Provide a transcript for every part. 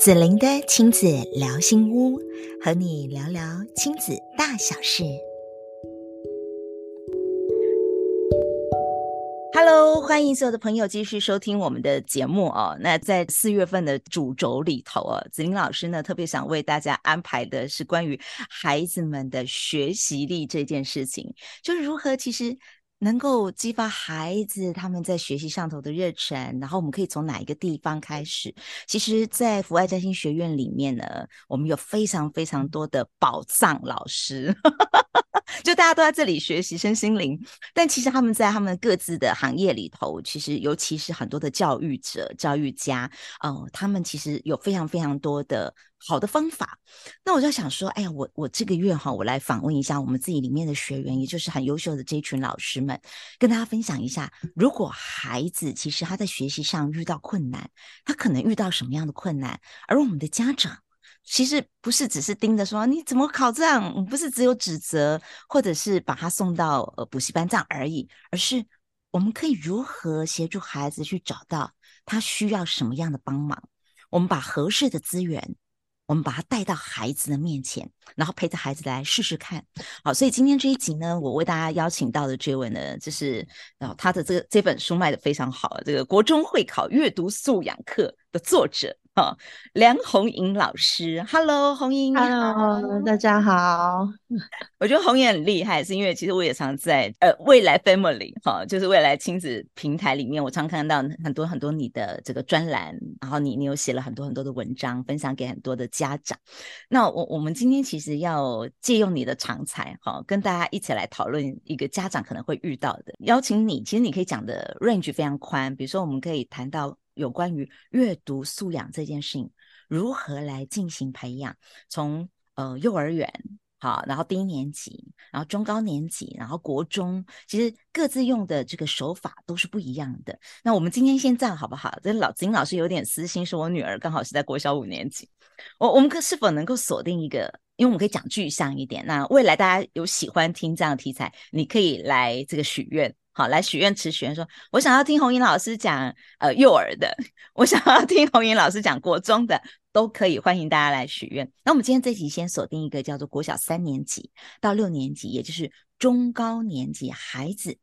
子玲的親子聊心屋，和你聊聊親子大小事。Hello，歡迎所有的朋友繼續收聽我們的節目哦。那在四月份的主軸裡頭哦，子玲老師呢特別想為大家安排的是關於孩子們的學習力這件事情，就是如何其實。能夠激發孩子他們在學習上頭的熱忱，然後我們可以從哪一個地方開始？其實，在福愛占星學院裡面呢，我們有非常非常多的寶藏老師。 就大家都在這裡學習身心靈，但其實他們在他們各自的行業裡頭，其實尤其是很多的教育者、教育家，哦、呃，他們其實有非常非常多的好的方法。那我就想說，哎呀，我我這個月哈，我來訪問一下我們自己裡面的學員，也就是很優秀的這一群老師們，跟大家分享一下，如果孩子其實他在學習上遇到困難，他可能遇到什麼樣的困難，而我們的家長。其實不是只是盯着說你怎麼考這樣，不是只有指責或者是把他送到呃補習班這樣而已，而是我們可以如何協助孩子去找到他需要什麼樣的幫忙，我們把合適的資源，我們把他帶到孩子的面前，然後陪着孩子來試試看。好，所以今天這一集呢，我為大家邀請到的這位呢，就是然後他的這個、這本書賣的非常好，這個《國中會考閱讀素養課》的作者。哦、梁虹瑩老師，Hello，虹瑩，Hello，好大家好。 我覺得虹瑩很厲害，是因為其實我也常在呃未來 Family，哈、哦，就是未來親子平台裡面，我常看到很多很多你的這個專欄，然後你你有寫了很多很多的文章，分享給很多的家長。那我我們今天其實要借用你的長才，哈、哦，跟大家一起來討論一個家長可能會遇到的。邀請你，其實你可以講的 range 非常寬，比如說我們可以談到。有關於閱讀素養這件事情，如何來進行培養？從呃幼兒園好，然後低年級，然後中高年級，然後國中，其實各自用的這個手法都是不一樣的。那我們今天先這樣好不好？這老子玲老師有點私心，是我女兒剛好是在國小五年級。我我們可是否能夠鎖定一個？因為我們可以講具象一點。那未來大家有喜歡聽這樣的題材，你可以來這個許願。來許願池許願，說我想要聽虹瑩老師講呃幼兒的，我想要聽虹瑩老師講國中的，都可以歡迎大家來許願。那我們今天這集先鎖定一個叫做國小三年級到六年級，也就是中高年級孩子，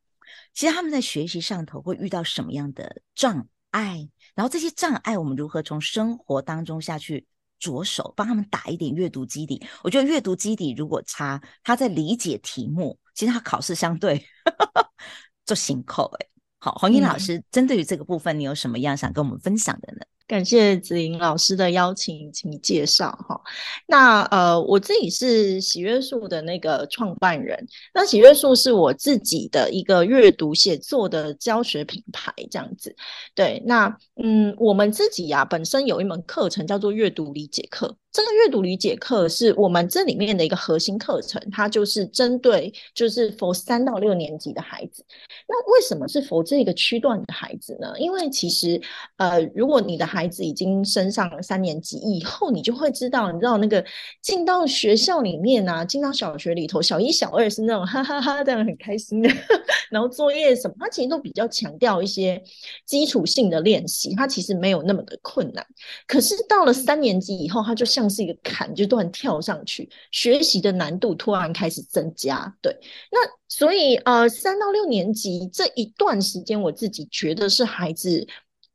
其實他們在學習上頭會遇到什麼樣的障礙？然後這些障礙我們如何從生活當中下去着手，幫他們打一點閱讀基底？我覺得閱讀基底如果差，他在理解題目，其實他考試相對。 做新口哎，好，虹瑩老師、嗯、針對於這個部分，你有什麼樣想跟我們分享的呢？感謝子玲老師的邀請，請你介紹哈。那呃，我自己是喜閱樹的那個創辦人，那喜閱樹是我自己的一個閱讀寫作的教學品牌，這樣子。對，那嗯，我們自己呀、啊，本身有一門課程叫做閱讀理解課。這個閱讀理解課是我們這裡面的一個核心課程，它就是針對就是 for 三到六年級的孩子。那為什麼是 for 這個區段的孩子呢？因為其實呃，如果你的孩子已經升上了三年級以後，你就會知道，你知道那個進到學校裡面啊，進到小學裡頭，小一、小二是那種哈，哈哈哈這樣很開心的，呵呵，然後作業什麼，它其實都比較強調一些基礎性的練習，它其實沒有那麼的困難。可是到了三年級以後，它就像是一個坎，就突然跳上去，學習的難度突然開始增加。對，那所以呃，三到六年級這一段時間，我自己覺得是孩子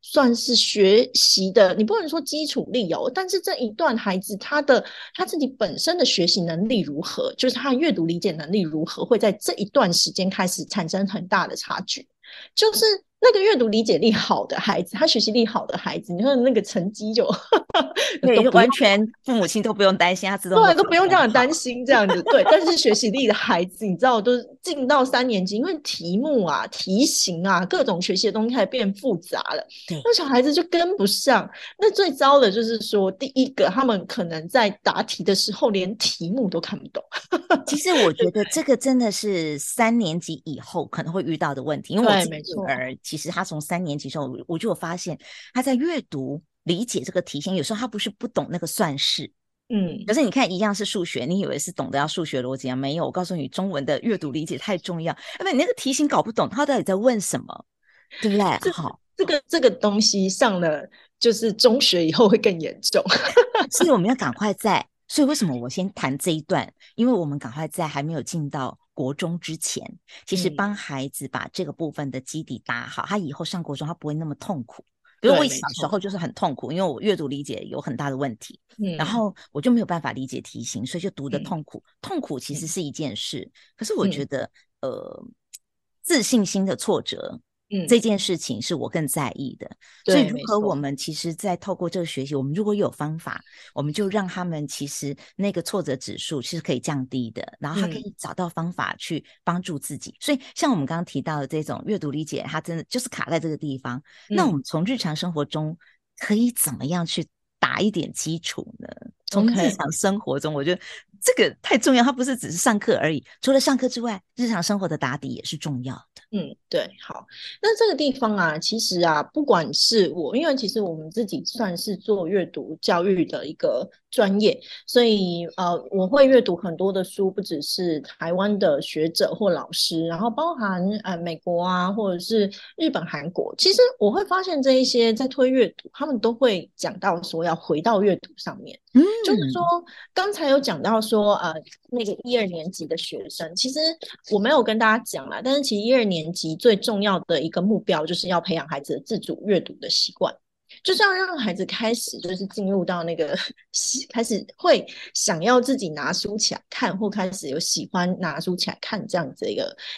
算是學習的，你不能說基礎力有、哦，但是這一段孩子他的他自己本身的學習能力如何，就是他的閱讀理解能力如何，會在這一段時間開始產生很大的差距，就是。那個閱讀理解力好的孩子，他學習力好的孩子，你說那個成績就呵呵，對都不完全，父母親都不用擔心他知道，對，都不用這樣擔心這樣子，對。 但是學習力的孩子，你知道，都進到三年級，因為題目啊、題型啊，啊，各種學習的東西開始變複雜了，對那小孩子就跟不上。那最糟的就是說，第一個，他們可能在答題的時候連題目都看不懂。其實我覺得這個真的是三年級以後可能會遇到的問題， 因為我是而兒。其實他從三年級時候，我就有發現他在閱讀理解這個題型，有時候他不是不懂那個算式，嗯，可是你看一樣是數學，你以為是懂得要數學邏輯啊？沒有，我告訴你，中文的閱讀理解太重要，因為你那個題型搞不懂，他到底在問什麼，對不對？就好，這個這個東西上了就是中學以後會更嚴重， 所以我們要趕快在，所以為什麼我先談這一段？因為我們趕快在還沒有進到。國中之前，其實幫孩子把這個部分的基底打好，嗯、他以後上國中他不會那麼痛苦。比如對我小時候就是很痛苦，對因為我閱讀理解有很大的問題，嗯、然後我就沒有辦法理解題型，所以就讀得痛苦。嗯、痛苦其實是一件事，嗯、可是我覺得、嗯、呃自信心的挫折。嗯、這件事情是我更在意的，對所以如何我們其實，在透過這個學習，錯我們如果有方法，我們就讓他們其實那個挫折指數其實可以降低的，然後他可以找到方法去幫助自己。嗯、所以像我們剛剛提到的這種閱讀理解，他真的就是卡在這個地方。嗯、那我們從日常生活中可以怎麼樣去打一點基礎呢？從日常生活中，我覺得這個太重要。它不是只是上課而已，除了上課之外，日常生活的打底也是重要的。嗯，對，好。那這個地方啊，其實啊，不管是我，因為其實我們自己算是做閱讀教育的一個專業，所以呃，我會閱讀很多的書，不只是台灣的學者或老師，然後包含呃美國啊，或者是日本、韓國。其實我會發現這一些在推閱讀，他們都會講到說要回到閱讀上面。嗯，就是說，剛才有講到說，呃，那個一二年級的學生，其實我沒有跟大家講啦。但是，其實一二年級最重要的一個目標，就是要培養孩子的自主閱讀的習慣。就是要讓孩子開始，就是進入到那個開始會想要自己拿書起來看，或開始有喜歡拿書起來看這樣子的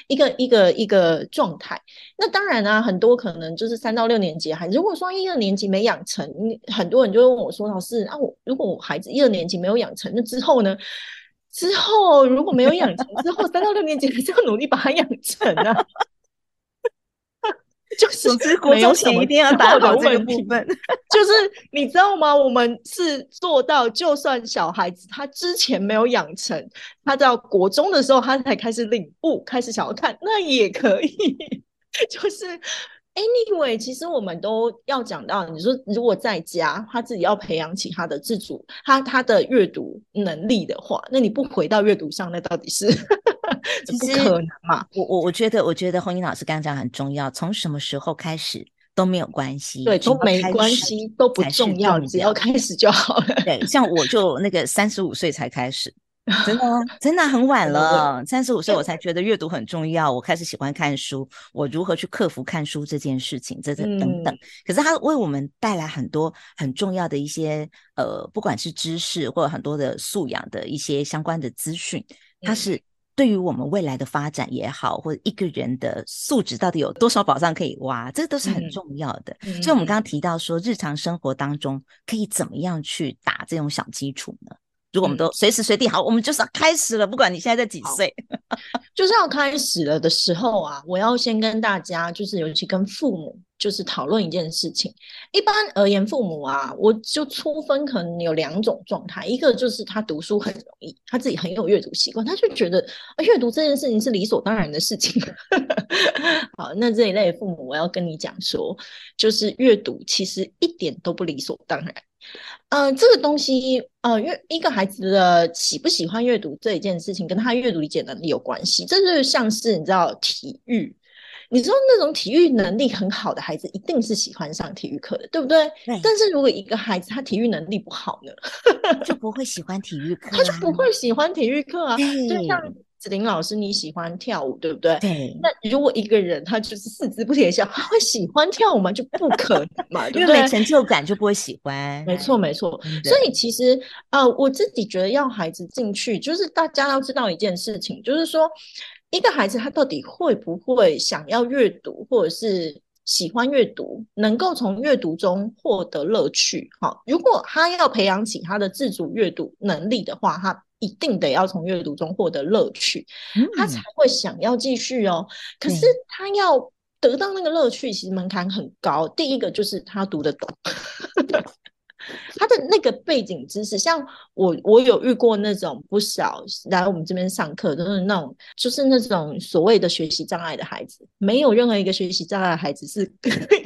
一個一個一個一個狀態。那當然啊，很多可能就是三到六年級的孩子，如果說一二年級沒養成，很多人就會問我說：“老師啊，我如果我孩子一二年級沒有養成，那之後呢？之後如果沒有養成，之後 三到六年級還是要努力把它養成啊。” 就是總之，國中，有寫，一定要打好這個部分。就是你知道嗎？我們是做到，就算小孩子他之前沒有養成，他到國中的時候他才開始領悟，開始想要看，那也可以。就是 anyway，其實我們都要講到。你說如果在家他自己要培養起他的自主，他他的閱讀能力的話，那你不回到閱讀上，那到底是？不可能嘛！我我我覺得，我覺得虹瑩老師剛才講很重要，從什麼時候開始都沒有關係，對，都沒關係，都不重要，只要開始就好了。對，像我就那個三十五歲才開始， 真的嗎？真的很晚了。三十五歲我才覺得閱讀很重要，對我開始喜歡看書，對我如何去克服看書這件事情，這這等等。嗯、可是它為我們帶來很多很重要的一些呃，不管是知識或者很多的素養的一些相關的資訊，它是、嗯。對於我們未來的發展也好，或者一個人的素質到底有多少寶藏可以挖，這都是很重要的。嗯嗯、所以，我們剛剛提到說，日常生活當中可以怎麼樣去打這種小基礎呢？如果我們都隨時隨地、嗯、好，我們就是要開始了。不管你現在在幾歲，就是要開始了的時候啊，我要先跟大家，就是尤其跟父母。就是討論一件事情。一般而言，父母啊，我就粗分可能有兩種狀態，一個就是他讀書很容易，他自己很有閱讀習慣，他就覺得、啊、閱讀這件事情是理所當然的事情。 好，那這一類父母，我要跟你講說，就是閱讀其實一點都不理所當然。嗯、呃，這個東西，呃，一個孩子的喜不喜歡閱讀這一件事情，跟他閱讀理解能力有關係。這就是像是你知道體育。你知道那種體育能力很好的孩子，一定是喜歡上體育課的，對不對？對。但是如果一個孩子他體育能力不好呢， 就不會喜歡體育課，啊，他就不會喜歡體育課啊。對。就像子玲老師，你喜歡跳舞，對不對？對。那如果一個人他就是四肢不協調，他會喜歡跳舞嗎？就不可能嘛，因對成就感就不會喜歡。沒錯，沒錯，沒錯對。所以其實啊、呃，我自己覺得要孩子進去，就是大家要知道一件事情，就是說。一個孩子他到底會不會想要閱讀，或者是喜歡閱讀，能夠從閱讀中獲得樂趣，哦。如果他要培養起他的自主閱讀能力的話，他一定得要從閱讀中獲得樂趣，他才會想要繼續哦。可是他要得到那個樂趣，其實門檻很高。嗯，第一個就是他讀得懂。 他的那個背景知識，像我，我有遇過那種不少來我們這邊上課都是那種，就是那種所謂的學習障礙的孩子，沒有任何一個學習障礙的孩子是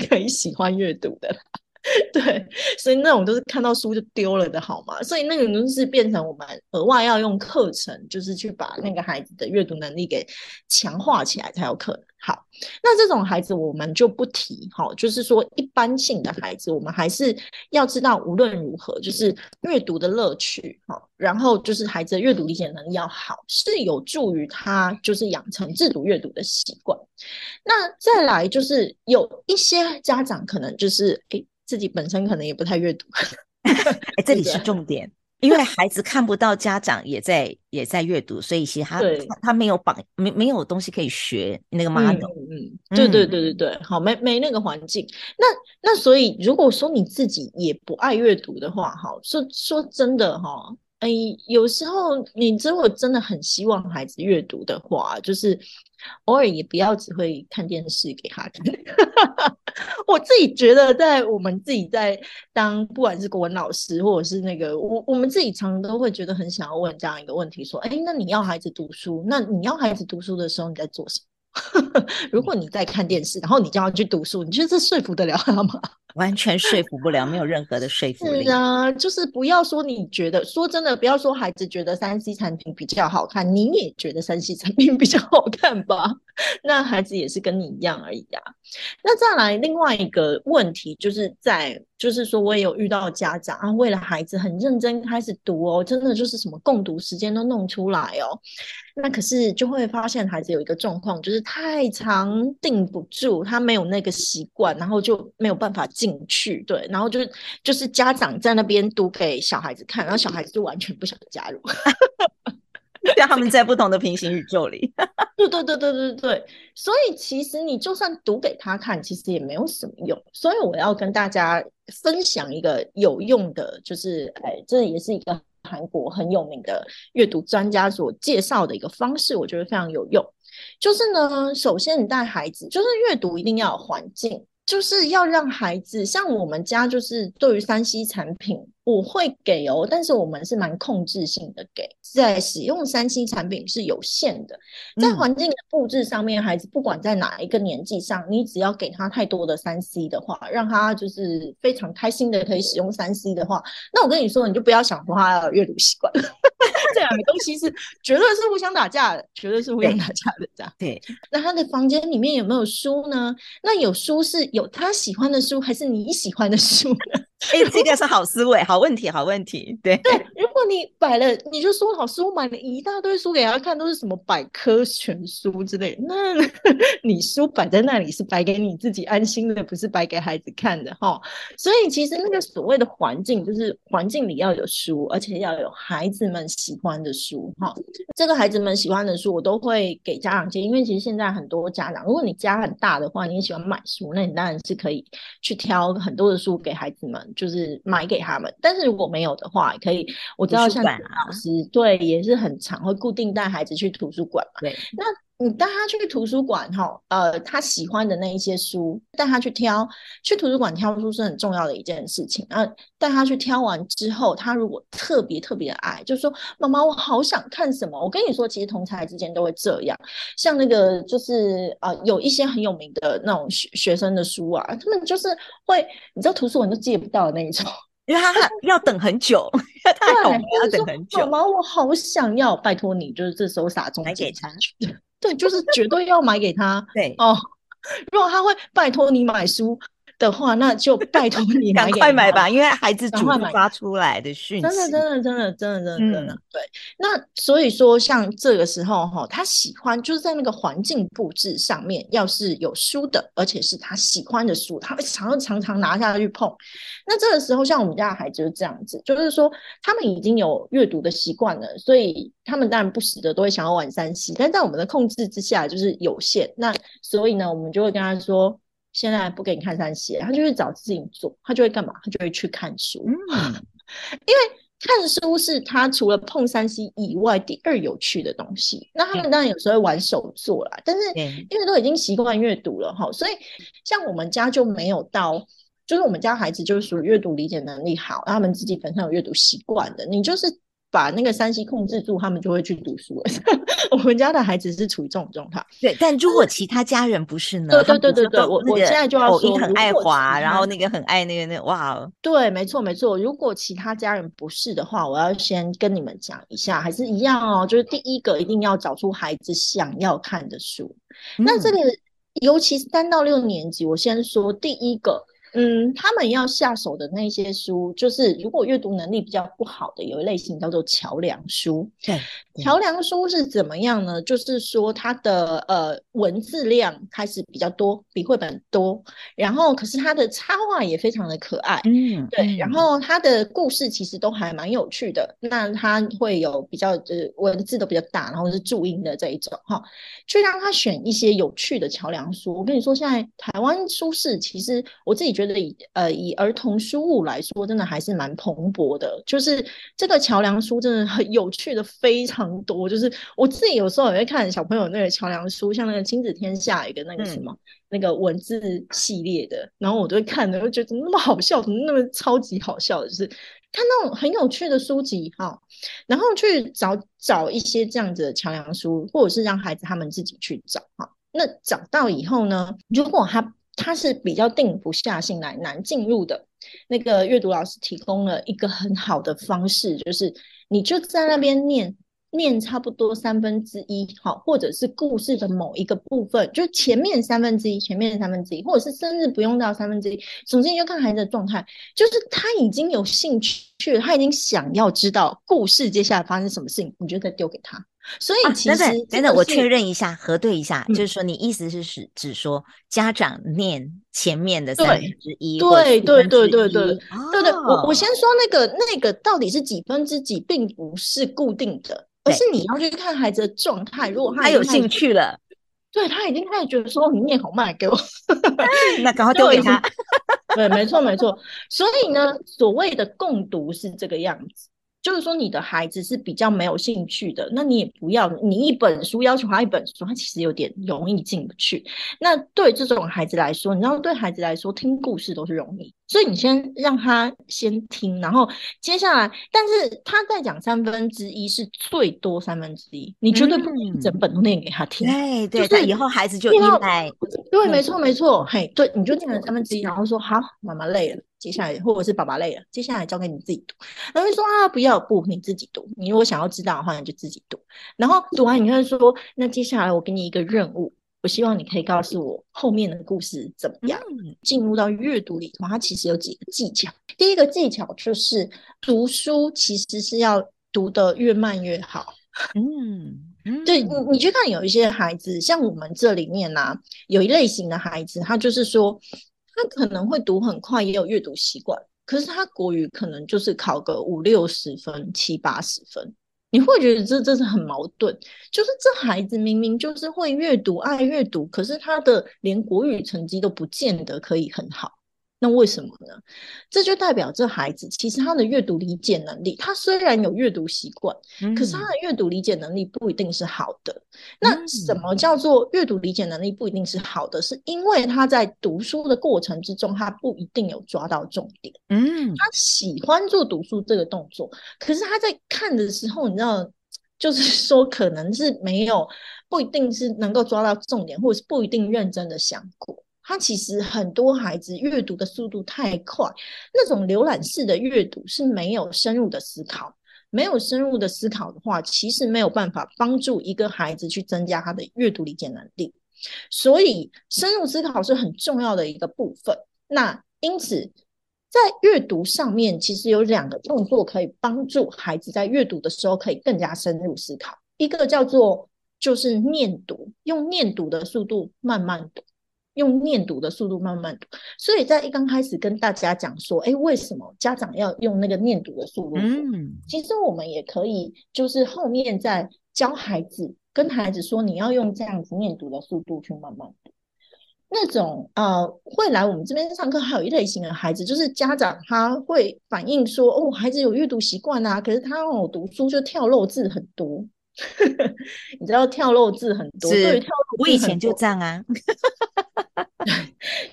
可以喜歡閱讀的。 對，所以那種都是看到書就丟了的好嗎？所以那個都是變成我們額外要用課程，就是去把那個孩子的閱讀能力給強化起來才有可能。好，那這種孩子我們就不提，哈、哦，就是說一般性的孩子，我們還是要知道，無論如何，就是閱讀的樂趣，哈、哦，然後就是孩子的閱讀理解能力要好，是有助於他就是養成自主閱讀的習慣。那再來就是有一些家長可能就是誒。自己本身可能也不太閱讀，哎、 欸，這裡是重點， 對因為孩子看不到家長也在也在閱讀，所以其實他對他，他沒有榜，沒沒有東西可以學那個 model 嗯，對、嗯嗯、對對對對，好，沒沒那個環境，那那所以如果說你自己也不愛閱讀的話，哈，說說真的哈。哎、欸，有時候你如果真的很希望孩子閱讀的話，就是偶爾也不要只會看電視給他看。 我自己覺得，在我們自己在當不管是國文老師，或者是那個我我們自己，常常都會覺得很想要問這樣一個問題：說，哎、欸，那你要孩子讀書？那你要孩子讀書的時候，你在做什麼？ 如果你在看電視，然後你就要去讀書，你覺得這說服得了他嗎？完全說服不了，沒有任何的說服力啊！就是不要說你覺得，說真的，不要說孩子覺得三 C 產品比較好看，你也覺得三 C 產品比較好看吧？那孩子也是跟你一樣而已啊。那再來另外一個問題，就是在就是說我也有遇到家長啊，為了孩子很認真開始讀哦，真的就是什麼共讀時間都弄出來哦，那可是就會發現孩子有一個狀況，就是太長定不住，他沒有那個習慣，然後就沒有辦法。進去對，然後就是就是家長在那邊讀給小孩子看，然後小孩子就完全不想加入， 讓他們在不同的平行宇宙裡。 對對對對對對，所以其實你就算讀給他看，其實也沒有什麼用。所以我要跟大家分享一個有用的就是，哎、欸，這也是一個韓國很有名的閱讀專家所介紹的一個方式，我覺得非常有用。就是呢，首先你帶孩子，就是閱讀一定要有環境。就是要讓孩子，像我們家，就是對於三 C 產品。我會給哦，但是我們是蠻控制性的給，在使用三 C 產品是有限的。在環境的布置上面，孩子不管在哪一個年紀上，嗯、你只要給他太多的三 C 的話，讓他就是非常開心的可以使用三 C 的話，那我跟你說，你就不要想破壞閱讀習慣。 這兩個東西是絕對是互相打架的，絕對是互相打架的。對這樣對。那他的房間裡面有沒有書呢？那有書是有他喜歡的書，還是你喜歡的書呢？所以這個是好思維，後好問題，好問題。對對，如果你擺了，你就說老師，我買了一大堆書給他看，都是什麼百科全書之類的。那你書擺在那裡是擺給你自己安心的，不是擺給孩子看的哈、哦。所以其實那個所謂的環境，就是環境裡要有書，而且要有孩子們喜歡的書哈、哦。這個孩子們喜歡的書，我都會給家長借，因為其實現在很多家長，如果你家很大的話，你也喜歡買書，那你當然是可以去挑很多的書給孩子們。就是買給他們，嗯、但是如果沒有的話，可以、啊、我知道像老師對，也是很常會固定帶孩子去圖書館嘛。對，那。你帶他去圖書館哈，呃，他喜歡的那一些書，帶他去挑，去圖書館挑書是很重要的一件事情。啊、呃，帶他去挑完之後，他如果特別特別愛，就說：“媽媽，我好想看什麼。”我跟你說，其實同儕之間都會這樣。像那個就是啊、呃，有一些很有名的那種學學生的書啊，他們就是會，你知道，圖書館都借不到的那一種，因為他要等很久，他還懂得要等很久。就是，媽媽，我好想要，拜托你，就是這時候撒中獎。給 對，就是絕對要買給他。 對哦，如果他會拜托你買書的話，那就拜託你趕 快買吧，因為孩子觸發出來的訊息，真的真的真的真的真的真的，嗯、對。那所以說，像這個時候哈、哦，他喜歡就是在那個環境布置上面，要是有書的，而且是他喜歡的書，他會常常常拿下去碰。那這個時候，像我們家的孩子就這樣子，就是說他們已經有閱讀的習慣了，所以他們當然不時的都會想要玩 3C，但在我們的控制之下就是有限。那所以呢，我們就會跟他說。現在不給你看三 C，他就會找事情做，他就會幹嘛？他就會去看書。嗯、因為看書是他除了碰三 C 以外第二有趣的東西。那他們當然有時候會玩手作啦，嗯、但是因為都已經習慣閱讀了哈，所以像我們家就沒有到，就是我們家孩子就是屬於閱讀理解能力好，他們自己本身有閱讀習慣的，你就是。把那個 3C 控制住，他們就會去讀書了。 我們家的孩子是處於這種狀態。對，但如果其他家人不是呢？嗯、對對對對對，我、那個、我現在就要說，音很愛華，然後那個很愛那個那個，哇。對，沒錯沒錯。如果其他家人不是的話，我要先跟你們講一下，還是一樣哦，就是第一個一定要找出孩子想要看的書。嗯、那這個，尤其三到六年級，我先說第一個。嗯，他們要下手的那些書，就是如果閱讀能力比較不好的，有一類型叫做橋梁書。對，嗯，橋梁書是怎麼樣呢？就是說它的呃文字量開始比較多，比繪本多，然後可是它的插畫也非常的可愛。嗯，對，嗯、然後它的故事其實都還蠻有趣的。那它會有比較呃文字都比較大，然後是注音的這一種哈，去讓他選一些有趣的橋梁書。我跟你說，現在台灣書市其實我自己。覺得以呃以兒童書物來說，真的還是蠻蓬勃的。就是這個橋梁書真的很有趣的非常多。就是我自己有時候也會看小朋友那個橋梁書，像那個親子天下一個那個什麼、嗯、那個文字系列的，然後我都會看的，我覺得那麼好笑，怎麼那麼超級好笑的？就是看那種很有趣的書籍哈、哦，然後去找找一些這樣子的橋梁書，或者是讓孩子他們自己去找哈、哦。那找到以後呢，如果他，他是比較定不下心來，難進入的。那個閱讀老師提供了一個很好的方式，就是你就在那邊念念差不多三分之一，好，或者是故事的某一個部分，就前面三分之一，前面三分之一，或者是甚至不用到三分之一，總之你就看孩子的狀態，就是他已經有興趣了，他已經想要知道故事接下來發生什麼事情，你就再丟給他。所以，其實等等，我確認一下，核對一下，就是說，你意思是是指說家長念前面的三分之一，對，對，對，對，對，對，對，我我先說那個那個到底是幾分之幾，並不是固定的，而是你要去看孩子的狀態。如果他有興趣了，對他已經開始覺得說你念好慢，給我，那趕快丟給他。對，沒錯，沒錯。所以呢，所謂的共讀是這個樣子。就是說，你的孩子是比較沒有興趣的，那你也不要你一本書要求他一本書，他其實有點容易進不去。那對這種孩子來說，你知道，對孩子來說，聽故事都是容易，所以你先讓他先聽，然後接下來，但是他再講三分之一是最多三分之一，嗯、你絕對不能整本都念給他聽。對對，對，就是、以後孩子就依賴。對，沒錯沒錯，嗯、嘿，對，你就念了三分之一，然後說好，媽媽累了。接下來，或者是爸爸累了，接下來交給你自己讀。他會說啊，不要，不，你自己讀。你如果想要知道的話，你就自己讀。然後讀完，你會說，那接下來我給你一個任務，我希望你可以告訴我後面的故事怎麼樣。進、嗯、入到閱讀裡頭，它其實有幾個技巧。第一個技巧就是讀書，其實是要讀得越慢越好。嗯，嗯對你，你去看有一些孩子，像我們這裡面呢、啊，有一類型的孩子，他就是說。他可能會讀很快，也有閱讀習慣，可是他國語可能就是考個五六十分、七八十分，你會覺得這這是很矛盾，就是這孩子明明就是會閱讀、愛閱讀，可是他的連國語成績都不見得可以很好。那為什麼呢？這就代表這孩子，其實他的閱讀理解能力，他雖然有閱讀習慣，嗯，可是他的閱讀理解能力不一定是好的。那什麼叫做閱讀理解能力不一定是好的？嗯，是因為他在讀書的過程之中，他不一定有抓到重點。嗯，他喜歡做讀書這個動作，可是他在看的時候，你知道，就是說可能是沒有，不一定是能夠抓到重點，或者是不一定認真的想過。他其實很多孩子閱讀的速度太快，那種瀏覽式的閱讀是沒有深入的思考。沒有深入的思考的話，其實沒有辦法幫助一個孩子去增加他的閱讀理解能力。所以，深入思考是很重要的一個部分。那因此，在閱讀上面，其實有兩個動作可以幫助孩子在閱讀的時候可以更加深入思考。一個叫做就是念讀，用念讀的速度慢慢讀。用念讀的速度慢慢讀，所以在一剛開始跟大家講說，哎，為什麼家長要用那個念讀的速度？嗯，其實我們也可以，就是後面再教孩子，跟孩子說你要用這樣子念讀的速度去慢慢讀。那種呃，會來我們這邊上課還有一類型的孩子，就是家長他會反映說，哦，孩子有閱讀習慣啊，可是他讓我讀書就跳漏字很多， 你知道跳漏字很多，對，跳漏字很多，我以前就這樣啊。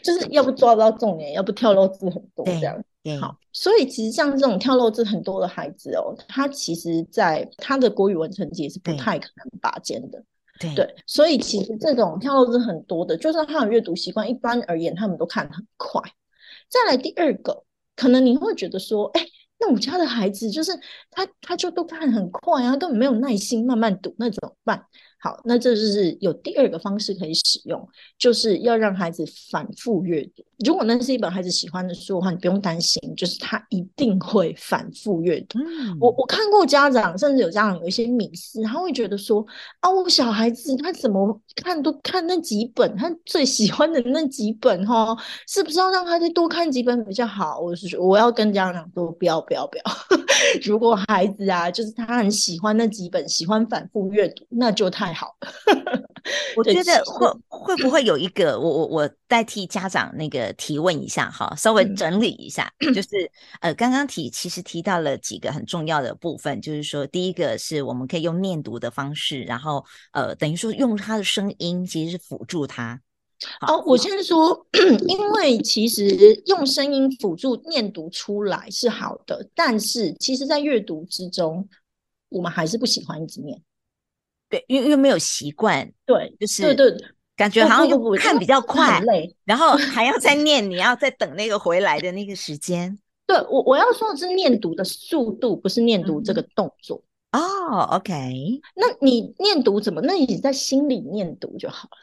就是要不抓不到重點，要不跳漏字很多這樣。好，所以其實像這種跳漏字很多的孩子哦，他其實，在他的國語文成績也是不太可能拔尖的。對，對所以其實這種跳漏字很多的，就算他有閱讀習慣，一般而言他們都看得很快。再來第二個，可能你會覺得說，哎、欸，那我家的孩子就是他，他就都看很快啊，他根本沒有耐心慢慢讀，那怎麼辦？好，那這就是有第二個方式可以使用，就是要讓孩子反覆閱讀。如果那是一本孩子喜歡的書的話，你不用擔心，就是他一定會反覆閱讀。嗯、我我看過家長，甚至有家長有一些迷思，他會覺得說啊，我小孩子他怎麼看都看那幾本，他最喜歡的那幾本，哦，是不是要讓他再多看幾本比較好？我是說我要跟家長說不，不要不要不要。 如果孩子啊，就是他很喜歡那幾本，喜歡反覆閱讀，那就太好。好， 我覺得會會不會有一個我我我代替家長那個提問一下哈，稍微整理一下，就是呃，剛剛提其實提到了幾個很重要的部分，就是說第一個是我們可以用念讀的方式，然後呃，等於說用他的聲音其實是輔助他。哦，我現在說，因為其實用聲音輔助念讀出來是好的，但是其實，在閱讀之中，我們還是不喜歡一直念。對，又又沒有習慣，對，就是對對，感覺好像又看比較快，對對對，然後還要再念，你要再等那個回來的那個時間。對，我我要說的是念讀的速度，不是念讀這個動作哦。嗯 oh, OK，那你念讀怎麼？那你在心裡念讀就好了。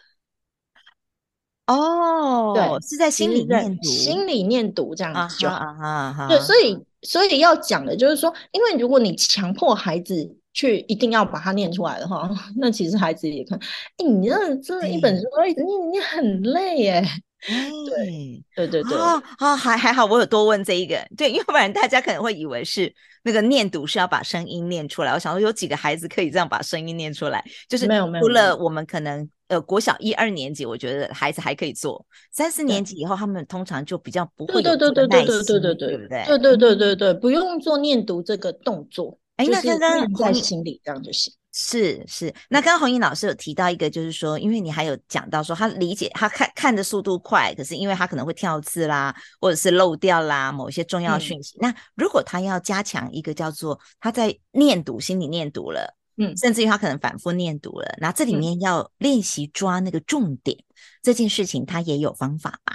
哦，oh, 對，是在心裡面心裡面念讀這樣子就，啊哈哈。Huh, uh huh, uh huh. 對，所以所以要講的就是說，因為如果你強迫孩子去一定要把它念出來的話， 那其實孩子也可。哎、欸，你這的、個這個、一本書，對你你很累耶。對、欸、對對對。啊還、oh, oh, 還好，我有多問這一個，對，因為不然大家可能會以為是那個念讀是要把聲音念出來。我想說，有幾個孩子可以這樣把聲音念出來，就是沒有沒有，除了我們可能。呃，國小一二年級，我覺得孩子還可以做；三四年級以後，他們通常就比較不會對對對對對對對對對，對不對？對對對，對不用做念讀這個動作。哎、欸就是，那剛剛在心裡這樣就行。是是，那剛剛虹瑩老師有提到一個，就是說，因為你還有講到說，他理解他看看的速度快，可是因為他可能會跳字啦，或者是漏掉啦，某些重要訊息。嗯、那如果他要加強一個叫做他在念讀，心理念讀了。嗯，甚至於他可能反覆念讀了，那、嗯、這裡面要練習抓那個重點、嗯、這件事情，他也有方法吧？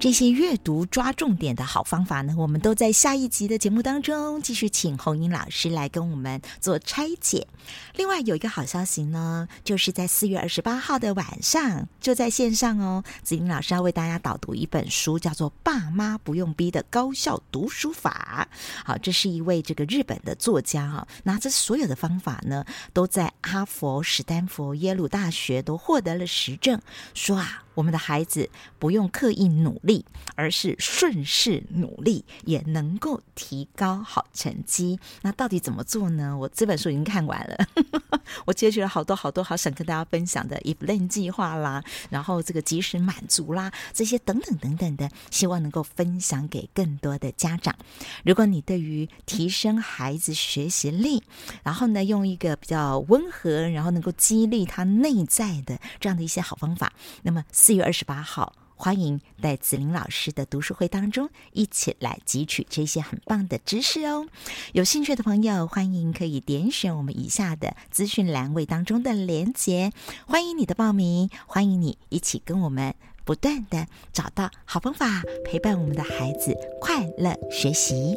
這些閱讀抓重點的好方法呢，我們都在下一集的節目當中繼續請虹瑩老師來跟我們做拆解。另外有一個好消息呢，就是在四月二十八號的晚上，就在線上哦，子玲老師要為大家導讀一本書，叫做《爸媽不用逼的高效讀書法》。好，這是一位這個日本的作家哈、啊，那這所有的方法呢，都在哈佛、史丹佛、耶魯大學都獲得了實證，說啊。我們的孩子不用刻意努力，而是順勢努力，也能夠提高好成績。那到底怎麼做呢？我這本書已經看完了， 我截取了好多好多好想跟大家分享的 “if learn” 計劃啦，然後這個及時滿足啦，這些等等等等的，希望能夠分享給更多的家長。如果你對於提升孩子學習力，然後呢，用一個比較溫和，然後能夠激勵他內在的這樣的一些好方法，那麼。四月二十八號，歡迎在子玲老師的讀書會當中一起來汲取這些很棒的知識哦！有興趣的朋友，歡迎可以點選我們以下的資訊欄位當中的連結。歡迎你的報名，歡迎你一起跟我們不斷地找到好方法，陪伴我們的孩子快樂學習。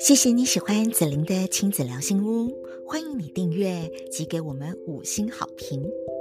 謝謝你喜歡子玲的親子聊心屋，歡迎你訂閱及給我們五星好評。